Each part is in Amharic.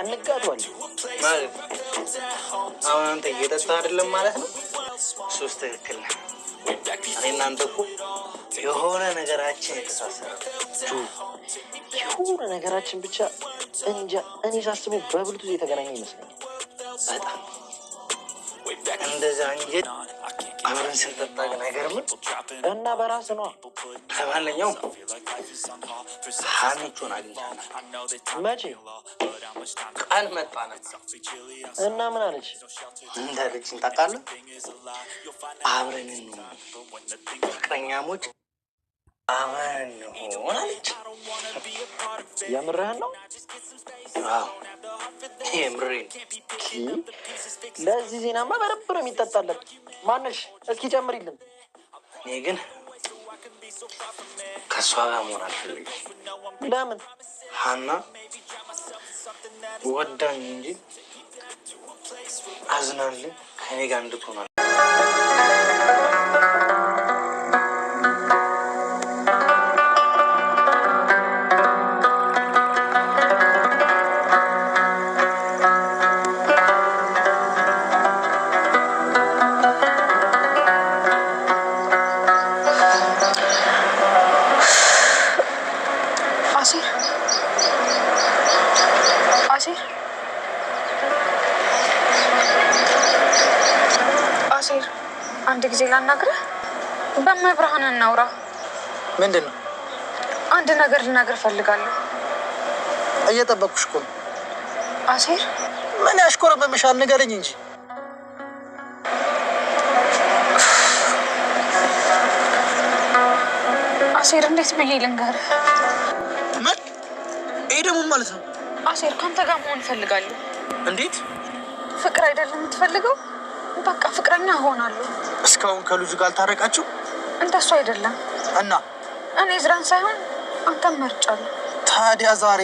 አንጋዷል ማለት አሁን አንተ እየጠጣ አይደለም ማለት ነው። ሶስት ትክክል እኔ እናንተ እኮ የሆነ ነገራችን የተሳሰረ የሆነ ነገራችን ብቻ እንጃ። እኔ ሳስበው በብልቱ የተገናኘ ይመስለኛል በጣም እንደዛ እንጂ አብረን ስንጠጣ ግን አይገርምም? እና በራስ ነው። ለማንኛውም ሀኒቹን መቼ ቀን እና ምን አለች? እንደ ልጅ እንጠጣለን አብረን ፍቅረኛሞች የምርህን ነው? የምሬን። ለዚህ ዜናማ በረብረ የሚጠጣለን ማነሽ? እስኪ ጨምሪልን። እኔ ግን ከእሷ ጋር መሆን አልፈልግም። ለምን? ሀና ወዳኝ እንጂ አዝናልኝ ከኔ ጋር እንድትሆን አንድ ጊዜ ላናግርህ። በመብርሃን እናውራ። ምንድን ነው? አንድ ነገር ልናገር እፈልጋለሁ። እየጠበኩሽ እኮ አሴር፣ ምን ያሽኮረመምሻል? ንገረኝ እንጂ አሴር። እንዴት ብዬ ልንገር? ምን? ይሄ ደግሞ ማለት ነው? አሴር፣ ከአንተ ጋር መሆን እፈልጋለሁ። እንዴት? ፍቅር አይደለም የምትፈልገው? በቃ ፍቅረኛ እሆናለሁ። እስካሁን ከልጁ ጋር አልታረቃችሁ? እንደሱ አይደለም እና እኔ ዝራን ሳይሆን አንተን መርጫለሁ። ታዲያ ዛሬ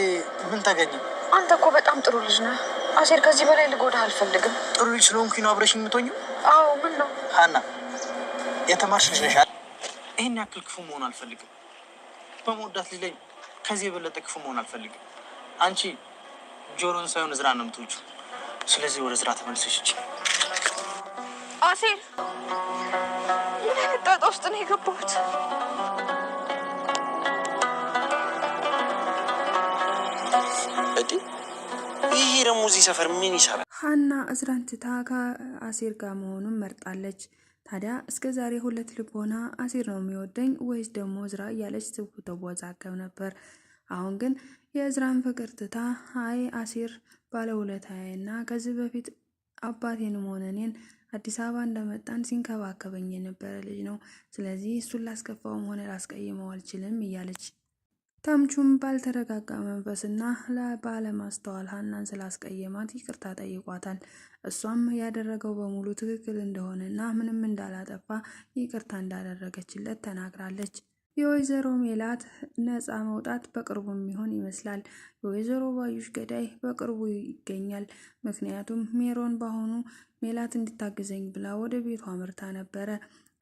ምን ተገኘ? አንተ እኮ በጣም ጥሩ ልጅ ነህ አሴር። ከዚህ በላይ ልጎዳ አልፈልግም። ጥሩ ልጅ ስለሆንኩኝ ነው አብረሽ የምትሆኝ? አዎ። ምን ነው ሀና፣ የተማርሽ ልጅ ነሽ። ይህን ያክል ክፉ መሆን አልፈልግም። በመወዳት ልጅ ላይ ከዚህ የበለጠ ክፉ መሆን አልፈልግም። አንቺ ጆሮን ሳይሆን እዝራን ነው የምትወጪው። ስለዚህ ወደ እዝራ ተመልሰሽ አሴር ጣጣ ውስጥ ነው የገባሁት። ይሄ ደግሞ እዚህ ሰፈር ምን ይሰራል? ሀና እዝራን ትታ ከአሴር ጋር መሆኑን መርጣለች። ታዲያ እስከ ዛሬ ሁለት ልብ ሆና አሴር ነው የሚወደኝ ወይስ ደግሞ እዝራ እያለች ስትወዛገብ ነበር። አሁን ግን የእዝራን ፍቅር ትታ አይ አሴር ባለውለታዬና ከዚህ በፊት አባቴን ሆነ እኔን አዲስ አበባ እንደመጣን ሲንከባከበኝ የነበረ ልጅ ነው። ስለዚህ እሱን ላስከፋውም ሆነ ላስቀይመው አልችልም እያለች ተምቹም ባልተረጋጋ መንፈስና ባለማስተዋል ሀናን ስላስቀየማት ይቅርታ ጠይቋታል። እሷም ያደረገው በሙሉ ትክክል እንደሆነና ምንም እንዳላጠፋ ይቅርታ እንዳደረገችለት ተናግራለች። የወይዘሮ ሜላት ነፃ መውጣት በቅርቡ የሚሆን ይመስላል። የወይዘሮ ባዩሽ ገዳይ በቅርቡ ይገኛል። ምክንያቱም ሜሮን በአሁኑ ሜላት እንድታግዘኝ ብላ ወደ ቤቷ አምርታ ነበረ።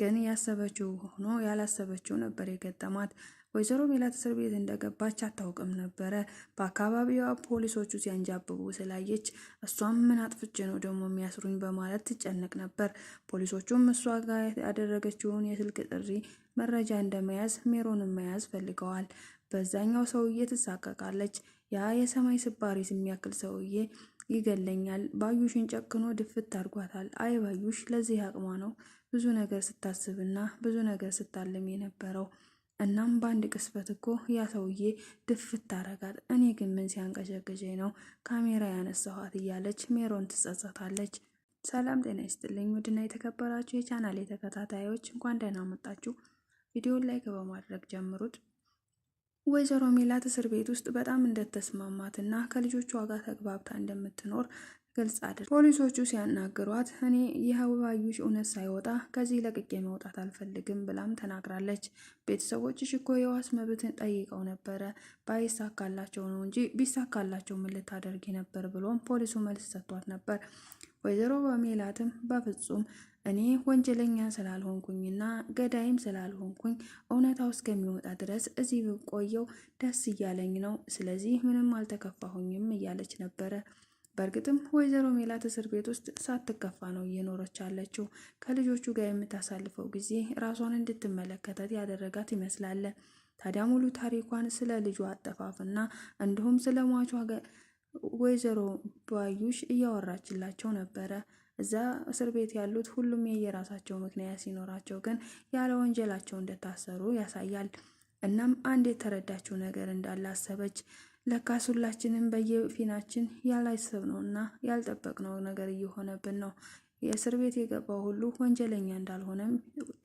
ግን ያሰበችው ሆኖ ያላሰበችው ነበር የገጠማት። ወይዘሮ ሜላት እስር ቤት እንደገባች አታውቅም ነበረ። በአካባቢዋ ፖሊሶቹ ሲያንጃብቡ ስላየች እሷም ምን አጥፍቼ ነው ደግሞ የሚያስሩኝ በማለት ትጨነቅ ነበር። ፖሊሶቹም እሷ ጋር ያደረገችውን የስልክ ጥሪ መረጃ እንደመያዝ ሜሮንን መያዝ ፈልገዋል። በዛኛው ሰውዬ ትሳቀቃለች። ያ የሰማይ ስባሪ የሚያክል ሰውዬ ይገለኛል። ባዩሽን ጨክኖ ድፍት አድርጓታል። አይ ባዩሽ ለዚህ አቅሟ ነው ብዙ ነገር ስታስብና ብዙ ነገር ስታልም የነበረው። እናም በአንድ ቅስበት እኮ ያ ሰውዬ ድፍት ታረጋት እኔ ግን ምን ሲያንቀሸቅሸኝ ነው ካሜራ ያነሳኋት እያለች ሜሮን ትጸጸታለች። ሰላም ጤና ይስጥልኝ ውድና የተከበራችሁ የቻናሌ ተከታታዮች እንኳን ደህና መጣችሁ። ቪዲዮን ላይክ በማድረግ ጀምሩት። ወይዘሮ ሜላት እስር ቤት ውስጥ በጣም እንደተስማማት እና ከልጆቿ ጋር ተግባብታ እንደምትኖር ግልጽ አድር ፖሊሶቹ ሲያናግሯት እኔ የህዋዩሽ እውነት ሳይወጣ ከዚህ ለቅቄ መውጣት አልፈልግም ብላም ተናግራለች። ቤተሰቦችሽ እኮ የዋስ መብትን ጠይቀው ነበረ ባይሳካላቸው ነው እንጂ ቢሳካላቸው ምን ልታደርጊ ነበር ብሎም ፖሊሱ መልስ ሰጥቷት ነበር። ወይዘሮ በሜላትም በፍጹም እኔ ወንጀለኛ ስላልሆንኩኝና ገዳይም ስላልሆንኩኝ እውነታው እስከሚወጣ ድረስ እዚህ ብቆየው ደስ እያለኝ ነው። ስለዚህ ምንም አልተከፋሁኝም እያለች ነበረ። በእርግጥም ወይዘሮ ሜላት እስር ቤት ውስጥ ሳትከፋ ነው እየኖረች ያለችው። ከልጆቹ ጋር የምታሳልፈው ጊዜ ራሷን እንድትመለከተት ያደረጋት ይመስላል። ታዲያ ሙሉ ታሪኳን ስለ ልጇ አጠፋፍና እንዲሁም ስለ ሟቿ ወይዘሮ ባዩሽ እያወራችላቸው ነበረ። እዛ እስር ቤት ያሉት ሁሉም የየራሳቸው ምክንያት ሲኖራቸው ግን ያለ ወንጀላቸው እንደታሰሩ ያሳያል። እናም አንድ የተረዳችው ነገር እንዳላሰበች ለካሱላችንም ለካስ ሁላችንም በየፊናችን ያላሰብነው እና ያልጠበቅነው ነገር እየሆነብን ነው። የእስር ቤት የገባው ሁሉ ወንጀለኛ እንዳልሆነም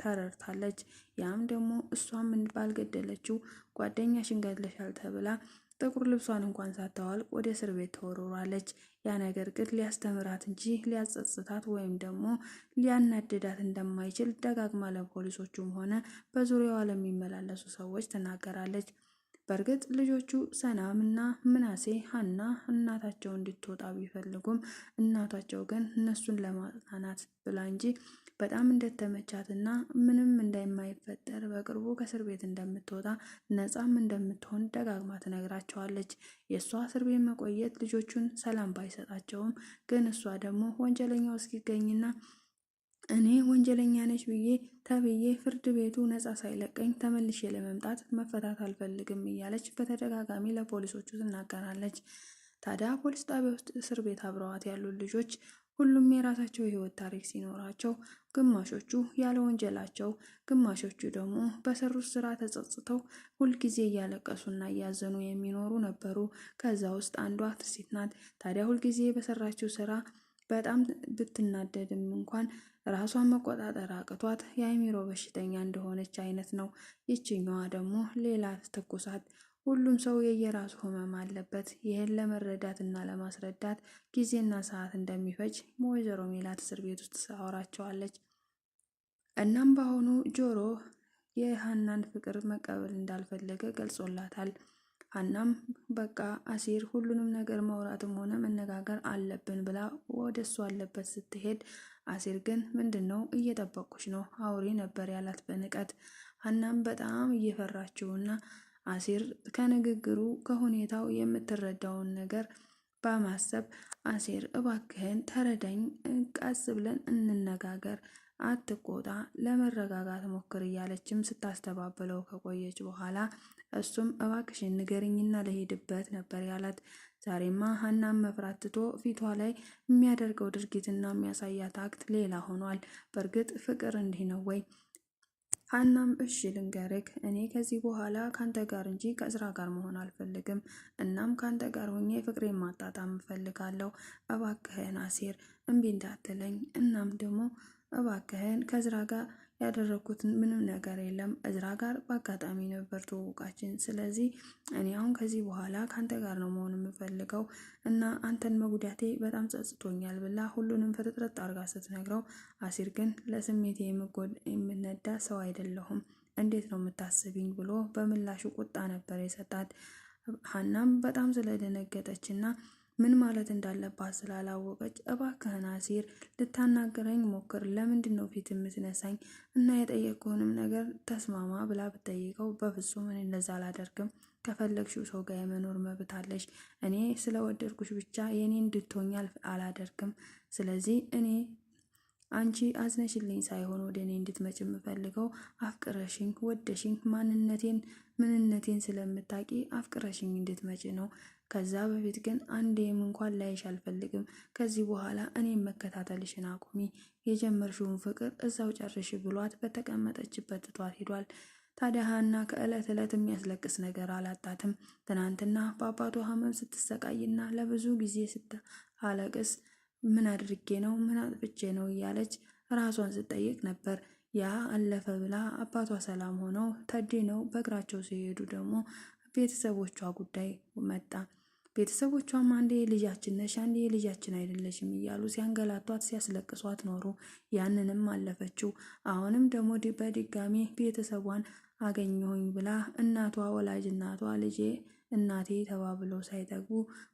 ተረድታለች። ያም ደግሞ እሷም ባልገደለችው ጓደኛ ገድለሻል ተብላ ጥቁር ልብሷን እንኳን ሳታዋልቅ ወደ እስር ቤት ተወርውራለች። ያ ነገር ግን ሊያስተምራት እንጂ ሊያጸጽታት ወይም ደግሞ ሊያናድዳት እንደማይችል ደጋግማ ለፖሊሶቹም ሆነ በዙሪያዋ ለሚመላለሱ ሰዎች ትናገራለች። በእርግጥ ልጆቹ ሰናም እና ምናሴ ሀና እናታቸው እንድትወጣ ቢፈልጉም እናታቸው ግን እነሱን ለማጽናናት ብላ እንጂ በጣም እንደተመቻትና ምንም እንደማይፈጠር በቅርቡ ከእስር ቤት እንደምትወጣ ነፃም እንደምትሆን ደጋግማ ትነግራቸዋለች። የእሷ እስር ቤት መቆየት ልጆቹን ሰላም ባይሰጣቸውም ግን እሷ ደግሞ ወንጀለኛው እስኪገኝና እኔ ወንጀለኛ ነች ብዬ ተብዬ ፍርድ ቤቱ ነፃ ሳይለቀኝ ተመልሼ ለመምጣት መፈታት አልፈልግም እያለች በተደጋጋሚ ለፖሊሶቹ ትናገራለች። ታዲያ ፖሊስ ጣቢያ ውስጥ እስር ቤት አብረዋት ያሉ ልጆች ሁሉም የራሳቸው የህይወት ታሪክ ሲኖራቸው ግማሾቹ ያለ ወንጀላቸው፣ ግማሾቹ ደግሞ በሰሩት ስራ ተጸጽተው ሁልጊዜ እያለቀሱና እያዘኑ የሚኖሩ ነበሩ። ከዛ ውስጥ አንዷ ትሴት ናት። ታዲያ ሁልጊዜ በሰራችው ስራ በጣም ብትናደድም እንኳን ራሷን መቆጣጠር አቅቷት የአእምሮ በሽተኛ እንደሆነች አይነት ነው። ይችኛዋ ደግሞ ሌላ ትኩሳት። ሁሉም ሰው የየራሱ ህመም አለበት። ይህን ለመረዳት እና ለማስረዳት ጊዜና ሰዓት እንደሚፈጅ ወይዘሮ ሜላት እስር ቤት ውስጥ ታወራቸዋለች። እናም በአሁኑ ጆሮ የሀናን ፍቅር መቀበል እንዳልፈለገ ገልጾላታል። ሀናም በቃ አሲር ሁሉንም ነገር ማውራትም ሆነ መነጋገር አለብን ብላ ወደ እሱ አለበት ስትሄድ አሲር ግን ምንድን ነው እየጠበቁች ነው አውሪ ነበር ያላት በንቀት። ሀናም በጣም እየፈራችውና አሲር ከንግግሩ ከሁኔታው የምትረዳውን ነገር በማሰብ አሲር እባክህን ተረዳኝ፣ ቀስ ብለን እንነጋገር አትቆጣ፣ ለመረጋጋት ሞክር እያለችም ስታስተባብለው ከቆየች በኋላ እሱም እባክሽን ንገርኝና ለሄድበት ነበር ያላት። ዛሬማ ሀናም መፍራት ትቶ ፊቷ ላይ የሚያደርገው ድርጊትና የሚያሳያት አክት ሌላ ሆኗል። በእርግጥ ፍቅር እንዲህ ነው ወይ? ሀናም እሺ ልንገርክ፣ እኔ ከዚህ በኋላ ካንተ ጋር እንጂ ከስራ ጋር መሆን አልፈልግም። እናም ካንተ ጋር ሆኜ ፍቅሬን ማጣጣም እፈልጋለሁ። እባክህን አሴር እምቢ እንዳትለኝ። እናም ደግሞ እባክህን ከእዝራ ጋር ያደረግኩት ምንም ነገር የለም። እዝራ ጋር በአጋጣሚ ነበር ትውውቃችን። ስለዚህ እኔ አሁን ከዚህ በኋላ ከአንተ ጋር ነው መሆን የምፈልገው እና አንተን መጉዳቴ በጣም ጸጽቶኛል ብላ ሁሉንም ፍርጥርጥ አርጋ ስትነግረው፣ አሲር ግን ለስሜቴ የምነዳ ሰው አይደለሁም፣ እንዴት ነው የምታስቢኝ ብሎ በምላሹ ቁጣ ነበር የሰጣት። ሀናም በጣም ስለደነገጠች እና ምን ማለት እንዳለባት ስላላወቀች እባክህን አሲር ልታናገረኝ ሞክር፣ ለምንድን ነው ፊት የምትነሳኝ እና የጠየቅኩህንም ነገር ተስማማ ብላ ብጠይቀው በፍጹም እኔ እንደዛ አላደርግም፣ ከፈለግሽው ሰው ጋር የመኖር መብት አለሽ። እኔ ስለወደድኩሽ ብቻ የእኔ እንድትሆኝ አላደርግም። ስለዚህ እኔ አንቺ አዝነሽልኝ ሳይሆን ወደ እኔ እንድትመጭ የምፈልገው አፍቅረሽኝ ወደሽኝ ማንነቴን ምንነቴን ስለምታቂ አፍቅረሽኝ እንድትመጭ ነው። ከዛ በፊት ግን አንዴም እንኳን ላይሽ አልፈልግም። ከዚህ በኋላ እኔም መከታተልሽን አቁሚ፣ የጀመርሽውን ፍቅር እዛው ጨርሽ ብሏት በተቀመጠችበት ትቷት ሂዷል። ታዲያ ሀና ከዕለት ዕለት የሚያስለቅስ ነገር አላጣትም። ትናንትና በአባቷ ሕመም ስትሰቃይና ለብዙ ጊዜ ስታለቅስ ምን አድርጌ ነው ምን አጥፍቼ ነው እያለች ራሷን ስትጠይቅ ነበር። ያ አለፈ ብላ አባቷ ሰላም ሆነው ተድነው በእግራቸው ሲሄዱ ደግሞ ቤተሰቦቿ ጉዳይ መጣ። ቤተሰቦቿም አንዴ ልጃችን ነሽ፣ አንዴ ልጃችን አይደለሽም እያሉ ሲያንገላቷት ሲያስለቅሷት ኖሮ ያንንም አለፈችው። አሁንም ደግሞ በድጋሚ ቤተሰቧን አገኘሁኝ ብላ እናቷ ወላጅ እናቷ ልጄ እናቴ ተባብለው ሳይጠጉ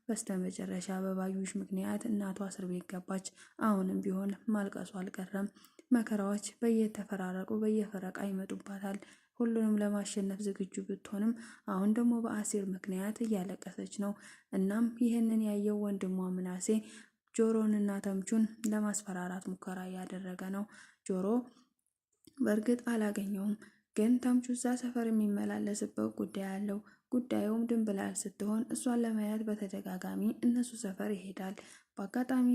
በስተመጨረሻ በባዩሽ ምክንያት እናቷ እስር ቤት ገባች። አሁንም ቢሆን ማልቀሱ አልቀረም። መከራዎች በየተፈራረቁ በየፈረቃ ይመጡባታል። ሁሉንም ለማሸነፍ ዝግጁ ብትሆንም አሁን ደግሞ በአሴር ምክንያት እያለቀሰች ነው። እናም ይህንን ያየው ወንድሟ ምናሴ ጆሮንና ተምቹን ለማስፈራራት ሙከራ እያደረገ ነው። ጆሮ በእርግጥ አላገኘውም፣ ግን ተምቹ እዛ ሰፈር የሚመላለስበት ጉዳይ አለው። ጉዳዩም ድንብላል ስትሆን እሷን ለማየት በተደጋጋሚ እነሱ ሰፈር ይሄዳል። በአጋጣሚ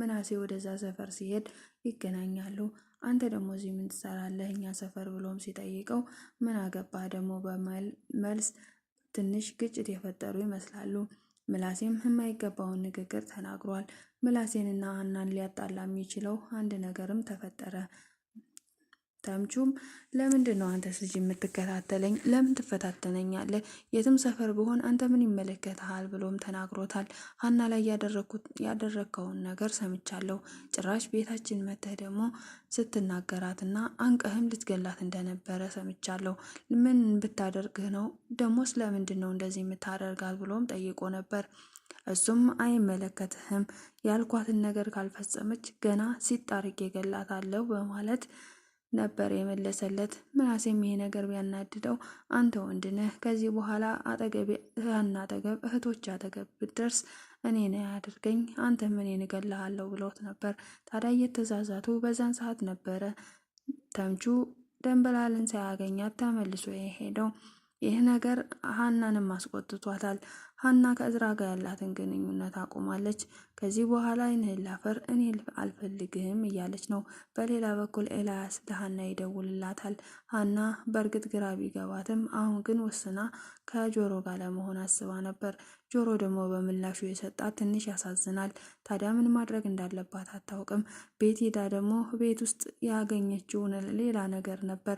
ምናሴ ወደዛ ሰፈር ሲሄድ ይገናኛሉ። አንተ ደግሞ እዚህ ምን ትሰራለህ እኛ ሰፈር ብሎም ሲጠይቀው ምን አገባህ ደግሞ በመልስ ትንሽ ግጭት የፈጠሩ ይመስላሉ። ምላሴም የማይገባውን ንግግር ተናግሯል። ምላሴንና ሀናን ሊያጣላ የሚችለው አንድ ነገርም ተፈጠረ። ተምቹም ለምንድን ነው አንተስ ልጅ የምትከታተለኝ? ለምን ትፈታተነኛለህ? የትም ሰፈር ብሆን አንተ ምን ይመለከትሃል? ብሎም ተናግሮታል። ሀና ላይ ያደረግከውን ነገር ሰምቻለሁ። ጭራሽ ቤታችን መተህ ደግሞ ስትናገራትና አንቀህም ልትገላት እንደነበረ ሰምቻለሁ። ምን ብታደርግህ ነው ደግሞስ? ለምንድን ነው እንደዚህ የምታደርጋት? ብሎም ጠይቆ ነበር። እሱም አይመለከትህም ያልኳትን ነገር ካልፈጸመች ገና ሲጣርቅ የገላታለሁ በማለት ነበር የመለሰለት። ምናሴም ይሄ ነገር ቢያናድደው አንተ ወንድ ነህ፣ ከዚህ በኋላ አጠገቤ እህና አጠገብ እህቶች አጠገብ ብትደርስ እኔ ነ ያደርገኝ፣ አንተ ምን እገልሃለሁ ብሎት ነበር። ታዲያ እየተዛዛቱ በዛን ሰዓት ነበረ ተምቹ ደንበላልን ሳያገኛት ተመልሶ የሄደው። ይህ ነገር ሀናንም አስቆጥቷታል። ሀና ከእዝራ ጋር ያላትን ግንኙነት አቁማለች። ከዚህ በኋላ ይህን ላፈር እኔ አልፈልግህም እያለች ነው። በሌላ በኩል ኤልያስ ለሀና ይደውልላታል። ሀና በእርግጥ ግራ ቢገባትም አሁን ግን ወስና ከጆሮ ጋር ለመሆን አስባ ነበር። ጆሮ ደግሞ በምላሹ የሰጣት ትንሽ ያሳዝናል። ታዲያ ምን ማድረግ እንዳለባት አታውቅም። ቤት ሄዳ ደግሞ ቤት ውስጥ ያገኘችውን ሌላ ነገር ነበር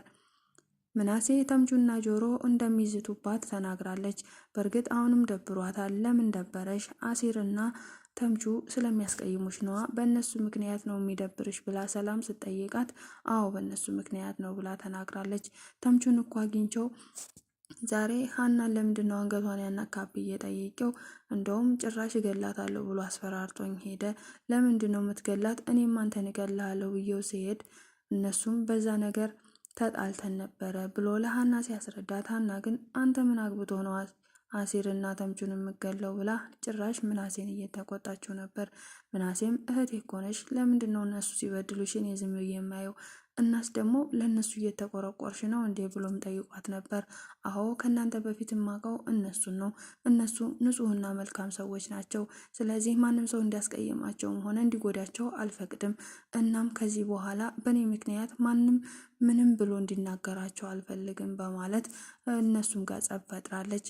ምናሴ ተምቹና ጆሮ እንደሚዝቱባት ተናግራለች። በእርግጥ አሁንም ደብሯታል። ለምን ደበረሽ? አሲርና ተምቹ ስለሚያስቀይሙሽ ነዋ። በእነሱ ምክንያት ነው የሚደብርሽ ብላ ሰላም ስጠይቃት፣ አዎ በእነሱ ምክንያት ነው ብላ ተናግራለች። ተምቹን እኮ አግኝቸው ዛሬ ሀና ለምንድን ነው አንገቷን ያናካብ እየጠየቀው፣ እንደውም ጭራሽ እገላታለሁ ብሎ አስፈራርቶኝ ሄደ። ለምንድን ነው የምትገላት? እኔም አንተን እገላለሁ ብዬው ሲሄድ እነሱም በዛ ነገር ተጣልተን ነበረ ብሎ ለሀና ሲያስረዳት፣ ሀና ግን አንተ ምን አግብቶ ነው እና ተምቹን የምገለው ብላ ጭራሽ ምናሴን እየተቆጣችው ነበር። ምናሴም እህቴ እኮ ለምንድነው ለምንድን ነው እነሱ ሲበድሉሽን የዝም ብዬ የማየው? እናስ ደግሞ ለእነሱ እየተቆረቆርሽ ነው እንዴ ብሎም ጠይቋት ነበር። አዎ ከእናንተ በፊት የማውቀው እነሱን ነው። እነሱ ንጹህና መልካም ሰዎች ናቸው። ስለዚህ ማንም ሰው እንዲያስቀይማቸውም ሆነ እንዲጎዳቸው አልፈቅድም። እናም ከዚህ በኋላ በእኔ ምክንያት ማንም ምንም ብሎ እንዲናገራቸው አልፈልግም በማለት እነሱም ጋር ጸብ ፈጥራለች።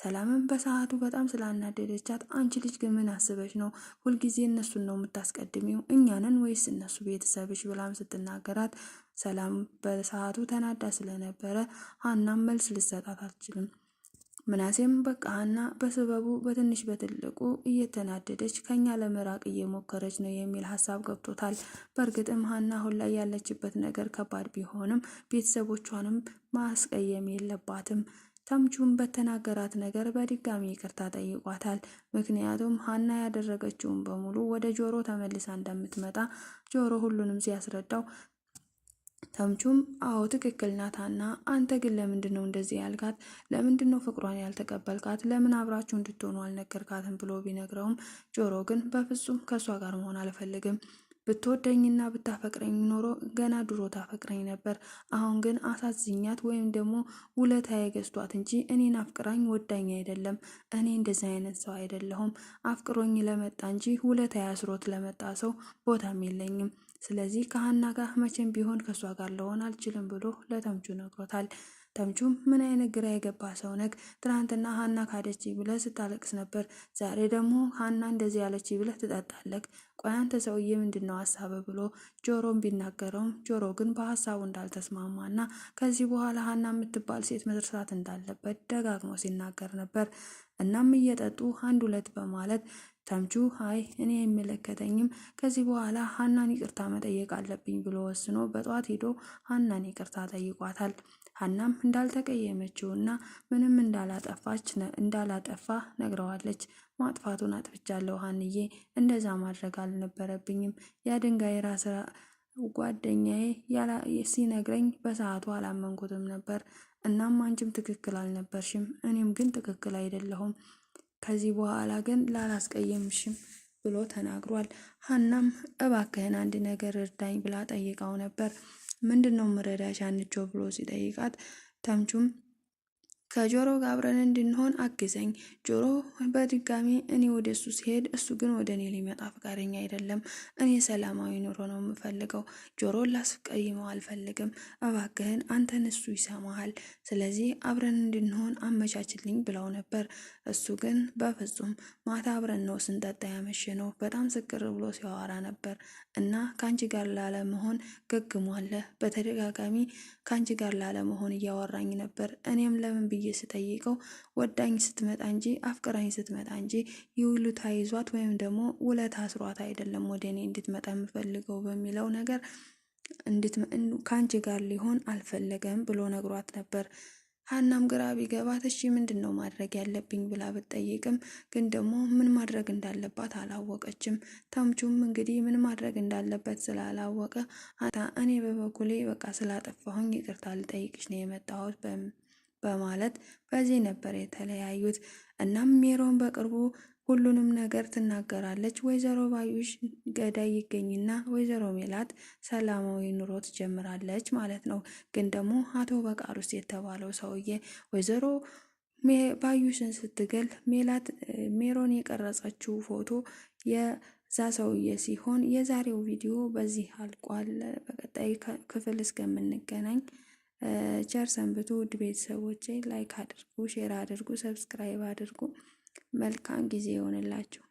ሰላምን በሰዓቱ በጣም ስላናደደቻት አንቺ ልጅ ግን ምን አስበሽ ነው ሁልጊዜ እነሱን ነው የምታስቀድሚው እኛንን ወይስ እነሱ ቤተሰብሽ ብላም ስትናገራት ሰላም በሰዓቱ ተናዳ ስለነበረ ሀናም መልስ ልሰጣት አልችልም። ምናሴም በቃ ሀና በስበቡ በትንሽ በትልቁ እየተናደደች ከኛ ለመራቅ እየሞከረች ነው የሚል ሀሳብ ገብቶታል። በእርግጥም ሀና አሁን ላይ ያለችበት ነገር ከባድ ቢሆንም ቤተሰቦቿንም ማስቀየም የለባትም። ተምቹም በተናገራት ነገር በድጋሚ ይቅርታ ጠይቋታል። ምክንያቱም ሀና ያደረገችውን በሙሉ ወደ ጆሮ ተመልሳ እንደምትመጣ ጆሮ ሁሉንም ሲያስረዳው ተምቹም አዎ ትክክል ናት ሀና፣ አንተ ግን ለምንድን ነው እንደዚህ ያልካት? ለምንድን ነው ፍቅሯን ያልተቀበልካት? ለምን አብራችሁ እንድትሆኑ አልነገርካትም? ብሎ ቢነግረውም ጆሮ ግን በፍጹም ከእሷ ጋር መሆን አልፈልግም ብትወደኝና ብታፈቅረኝ ኖሮ ገና ድሮ ታፈቅረኝ ነበር። አሁን ግን አሳዝኛት ወይም ደግሞ ውለታዬ ገዝቷት እንጂ እኔን አፍቅራኝ ወዳኝ አይደለም። እኔ እንደዚህ አይነት ሰው አይደለሁም። አፍቅሮኝ ለመጣ እንጂ ውለታዬ አስሮት ለመጣ ሰው ቦታም የለኝም። ስለዚህ ከሀና ጋር መቼም ቢሆን ከእሷ ጋር ለሆን አልችልም ብሎ ለተምቹ ነግሮታል። ተምቹም ምን አይነት ግራ የገባ ሰው ነክ ትናንትና ሀና ካደች ብለህ ስታለቅስ ነበር፣ ዛሬ ደግሞ ሀና እንደዚህ ያለች ብለህ ትጠጣለህ። ቆይ አንተ ሰውዬ ምንድን ነው ሀሳብ ብሎ ጆሮም ቢናገረውም ጆሮ ግን በሀሳቡ እንዳልተስማማና ከዚህ በኋላ ሀና የምትባል ሴት መርሳት እንዳለበት ደጋግሞ ሲናገር ነበር። እናም እየጠጡ አንድ ሁለት በማለት ተምቹ አይ እኔ የሚመለከተኝም ከዚህ በኋላ ሀናን ይቅርታ መጠየቅ አለብኝ ብሎ ወስኖ በጠዋት ሄዶ ሀናን ይቅርታ ጠይቋታል። ሀናም እና ምንም እንዳላጠፋች እንዳላጠፋ ነግረዋለች። ማጥፋቱን አጥፍቻለሁ ሀንዬ፣ እንደዛ ማድረግ አልነበረብኝም። ያ ራስ ጓደኛዬ ሲነግረኝ በሰዓቱ አላመንኩትም ነበር። እናም አንቺም ትክክል አልነበርሽም፣ እኔም ግን ትክክል አይደለሁም። ከዚህ በኋላ ግን ላላስቀየምሽም ብሎ ተናግሯል። ሀናም እባክህን አንድ ነገር እርዳኝ ብላ ጠይቃው ነበር። ምንድን ነው ምረዳሽ አንቾ ብሎ ሲጠይቃት ተምቹም ከጆሮ ጋር አብረን እንድንሆን አግዘኝ። ጆሮ በድጋሚ እኔ ወደ እሱ ሲሄድ እሱ ግን ወደ እኔ ሊመጣ ፈቃደኛ አይደለም። እኔ ሰላማዊ ኑሮ ነው የምፈልገው። ጆሮን ላስቀይመው አልፈልግም። እባክህን አንተን እሱ ይሰማሃል። ስለዚህ አብረን እንድንሆን አመቻችልኝ ብለው ነበር። እሱ ግን በፍጹም ማታ አብረን ነው ስንጠጣ ያመሸ ነው። በጣም ስቅር ብሎ ሲያወራ ነበር እና ከአንቺ ጋር ላለመሆን ገግሟለህ። በተደጋጋሚ ከአንቺ ጋር ላለመሆን እያወራኝ ነበር። እኔም ለምን ብዬ ብዬ ስጠይቀው ወዳኝ ስትመጣ እንጂ አፍቅራኝ ስትመጣ እንጂ ይውሉ ታይዟት ወይም ደግሞ ውለት አስሯት አይደለም ወደ እኔ እንድትመጣ የምፈልገው በሚለው ነገር ከአንቺ ጋር ሊሆን አልፈለገም ብሎ ነግሯት ነበር። ሀናም ግራ ቢገባት እሺ ምንድን ነው ማድረግ ያለብኝ ብላ ብትጠይቅም ግን ደግሞ ምን ማድረግ እንዳለባት አላወቀችም። ታምቹም እንግዲህ ምን ማድረግ እንዳለበት ስላላወቀ እኔ በበኩሌ በቃ ስላጠፋሁኝ ይቅርታ ልጠይቅሽ ነው የመጣሁት በማለት በዚህ ነበር የተለያዩት። እናም ሜሮን በቅርቡ ሁሉንም ነገር ትናገራለች። ወይዘሮ ባዩሽ ገዳይ ይገኝና ወይዘሮ ሜላት ሰላማዊ ኑሮ ትጀምራለች ማለት ነው። ግን ደግሞ አቶ ውስጥ የተባለው ሰውዬ ወይዘሮ ባዩሽን ስትገል ሜላት ሜሮን የቀረጸችው ፎቶ የዛ ሰውዬ ሲሆን የዛሬው ቪዲዮ በዚህ አልቋል። በቀጣይ ክፍል እስከምንገናኝ ቸር ሰንብቱ። ውድ ቤተሰቦቼ ላይክ አድርጉ፣ ሼር አድርጉ፣ ሰብስክራይብ አድርጉ። መልካም ጊዜ ይሆንላችሁ።